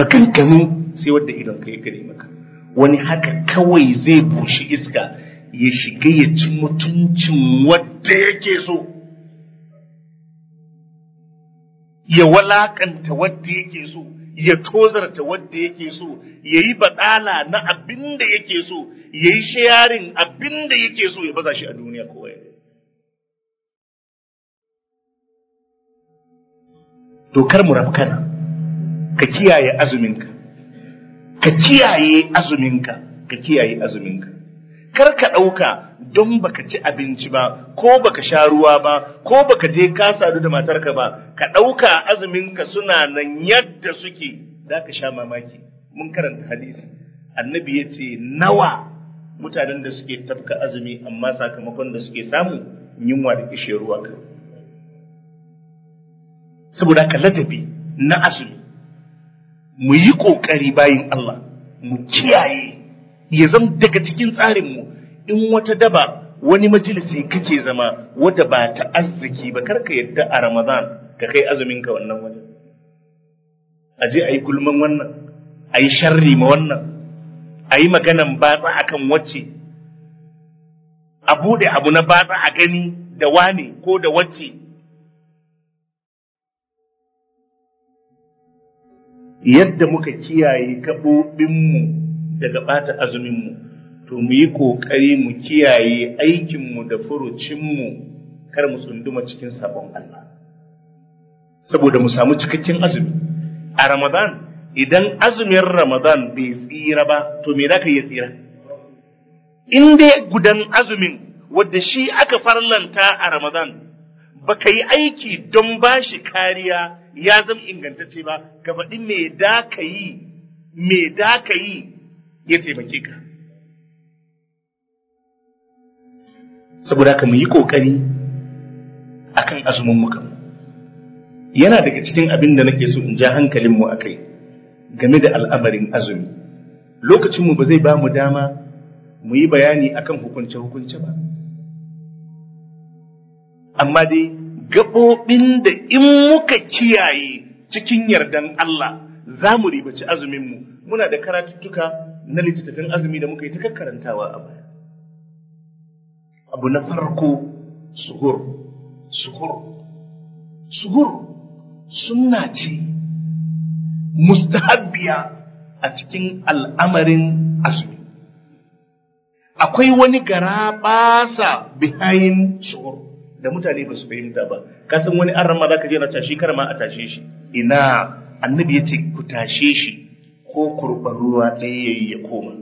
maganganu sai wadda idon ka yi gane maka wani haka kawai zai bushi iska ya shiga ya ci mutuncin wadda yake so ya walakanta wadda yake so ya tozarta wadda yake so ya yi baɗala na abin da yake so ya yi shayarin abin da yake so ya baza shi a duniya kowai dokar murafkana ka kiyaye azuminka ka kiyaye azuminka ka kiyaye azuminka kar ka ɗauka don baka ci abinci ba ko baka sha ruwa ba ko baka je ka sadu da matarka ba ka ɗauka azuminka suna nan yadda suke da ka sha mamaki mun karanta hadisi annabi ya ce nawa mutanen da suke tafka azumi amma sakamakon da suke samu yunwa da kishe ruwa ka saboda ka ladabi na azumi mu yi ƙoƙari bayin Allah mu kiyaye ya zama daga cikin tsarinmu in wata daba wani majalisi kake zama wadda ba ta arziki ba karka yadda a ramadan ka kai azuminka wannan wani. a je a yi gulman wannan a yi sharri ma wannan a yi maganan batsa a kan wacce a buɗe abu na batsa a gani da wane ko da wacce yadda muka kiyaye gaɓoɓinmu daga ɓata azuminmu to mu yi ƙoƙari mu kiyaye aikinmu da furucinmu kar mu tsunduma cikin sabon Allah saboda mu samu cikakken azumi a Ramadan idan azumin Ramadan bai tsira ba to me za ka iya tsira in dai gudan azumin wadda shi aka farlanta a Ramadan baka yi aiki don ba shi kariya ya zama ingantacce ba ka faɗi me da ka yi me da ka yi ya taimake ka saboda haka mu yi kokari akan azumin mu yana daga cikin abin da nake so in ja hankalin mu kai game da al'amarin azumi lokacin mu ba zai ba mu dama mu yi bayani akan hukunce hukunce ba amma dai gaɓoɓin da in muka kiyaye cikin yardan Allah za mu ribaci azuminmu muna da karatuttuka na littattafin azumi da muka yi ta kakkarantawa a baya abu na farko suhur suhur suhur sunna ce mustahabbiya a cikin al'amarin azumi akwai wani gara basa behind suhur da mutane ba su fahimta ba kasan wani an rama za ka je na tashi ma a tashe shi ina annabi ya ce ku tashe shi ko kurɓar ruwa ɗaya ya yi ya koma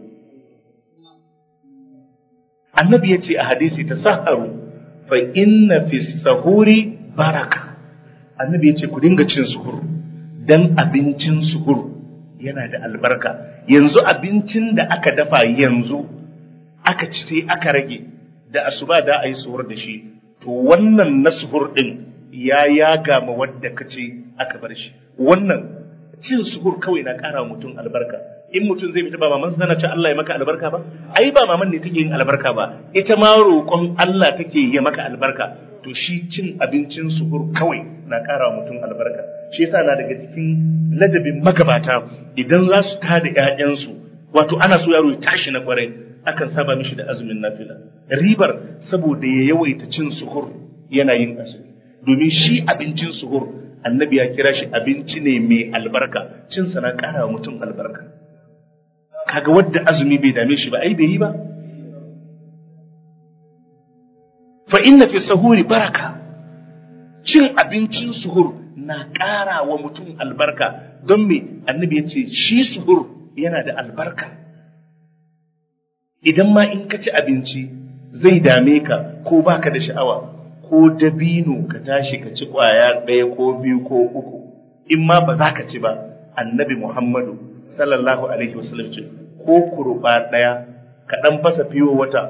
annabi ya ce a hadisi ta saharu fa inna fi sahuri baraka annabi ya ce ku dinga cin suhur don abincin suhur yana da albarka yanzu abincin da aka dafa yanzu aka ci sai aka rage da asuba da a yi suhur da shi to wannan na suhur ɗin ya yaga ma wadda ka ce aka bar shi wannan cin suhur kawai na ƙara mutum albarka in mutum zai fita ba maman sana ce Allah ya maka albarka ba ai ba maman ne take yin albarka ba ita ma roƙon Allah take yi maka albarka to shi cin abincin suhur kawai na ƙara mutum albarka shi yasa na daga cikin ladabin magabata idan za su tada ƴaƴansu wato ana so yaro ya tashi na kwarai akan saba mishi da azumin nafila ribar saboda ya yawaita cin suhur yana yin azumi domin shi abincin suhur annabi ya kira shi abinci ne mai albarka cin sa na ƙara wa mutum albarka kaga wadda azumi bai dame shi ba ai bai yi ba fa inna fi sahuri baraka cin abincin suhur na ƙara wa mutum albarka don me annabi ya ce shi suhur yana da albarka idan ma in ka ci abinci zai dame ka ko baka da sha'awa ko dabino ka tashi ka ci kwaya ɗaya ko biyu ko uku in ma ba za ka ci ba annabi muhammadu sallallahu alaihi wasallam ce ko kurba ɗaya ka ɗan fasa fiwo wata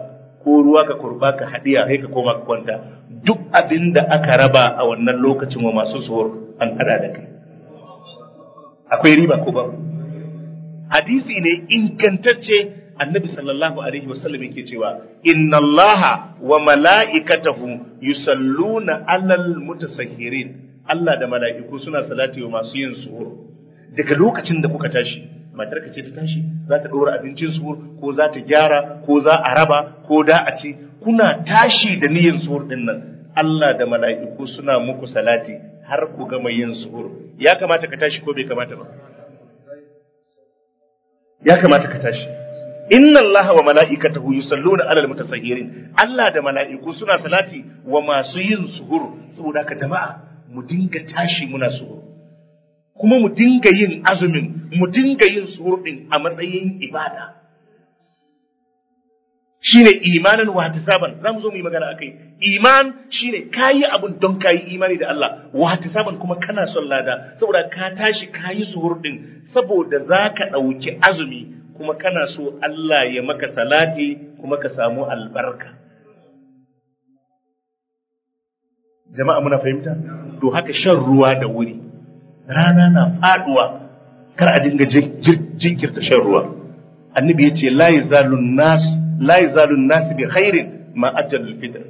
ko ruwa ka kurba ka haɗiya sai ka koma ka kwanta duk abin da aka raba a wannan lokacin wa masu suhur an haɗa da kai akwai riba ko ba hadisi ne ingantacce annabi sallallahu alaihi wasallam yake cewa inna allaha wa mala'ikatahu yusalluna alal mutasahhirin Allah da mala'iku suna salati wa masu yin suhur daga lokacin da kuka tashi matarka ce ta tashi za ta ɗora abincin suhur ko za ta gyara ko za a raba ko da a ce kuna tashi da niyyar suhur din nan Allah da mala'iku suna muku salati har ku gama yin suhur ya kamata ka tashi ko bai kamata ba ya kamata ka tashi inna Allah wa mala'ikatahu yusalluna alal mutasahhirin Allah da mala'iku suna salati wa masu yin suhur saboda ka jama'a mu dinga tashi muna suhur kuma mu dinga yin azumin mu dinga yin suhur din a matsayin ibada shine imanin wa zamu zo mu yi magana akai iman shine kayi abun don kayi imani da Allah wa kuma kana son lada saboda ka tashi kayi suhur din saboda zaka dauki azumi kuma kana so Allah ya maka salati kuma ka samu albarka jama'a muna fahimta to haka shan ruwa da wuri rana na faduwa kar a dinga jinkirta shan ruwa annabi yace la yazalun nas la yazalun nas bi khairin ma ajal fitr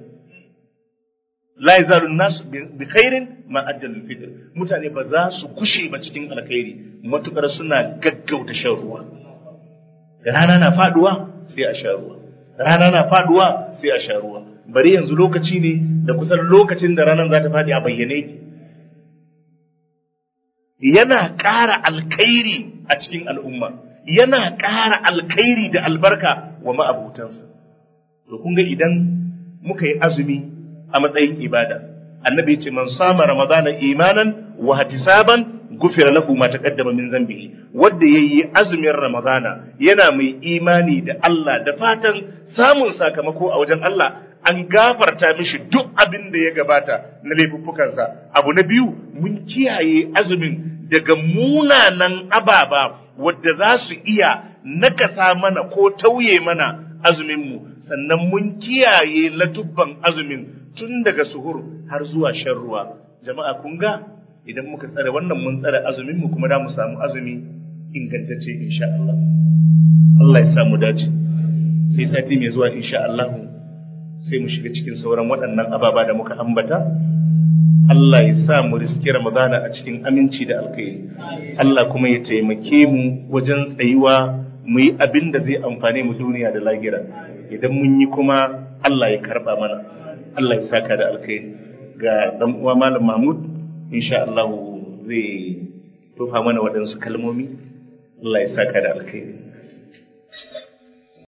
la yazalun nas bi khairin ma ajal fitr mutane ba za su kushe ba cikin alkhairi matukar suna gaggauta shan ruwa rana na faduwa sai a sha rana na faduwa sai a sha ruwa bari yanzu lokaci ne da kusan lokacin da ranar za ta faɗi a bayyane ki. yana ƙara alkhairi a cikin al'umma yana ƙara alkhairi da albarka wa ma'abutansa to kun ga idan muka yi azumi a matsayin ibada annabi ce man sama ramadana imanan wa hatisaban gufira lahu ma taqaddama min zambihi wanda yayi azumin ramadana yana mai imani da Allah da fatan samun sakamako a wajen Allah an gafarta mishi duk abin da ya gabata na laifuffukansa abu na biyu mun kiyaye azumin daga munanan ababa wadda za su iya nakasa mana ko tauye mana azuminmu sannan mun kiyaye latubban azumin tun daga suhur har zuwa shan ruwa jama'a kun ga idan muka tsare wannan mun tsare azumin mu kuma da mu samu azumi ingantacce insha Allah Allah ya samu dace sai sati mai zuwa insha Allah sai mu shiga cikin sauran waɗannan ababa da muka ambata Allah ya sa mu riski Ramadana a cikin aminci da alkhairi Allah kuma ya taimake mu wajen tsayuwa mu yi abin da zai amfane mu duniya da lahira idan mun yi kuma Allah ya karba mana Allah ya saka da alkai ga dan uwa malam Mahmud insha Allah zai tofa mana waɗansu kalmomi Allah ya saka da alkhairi.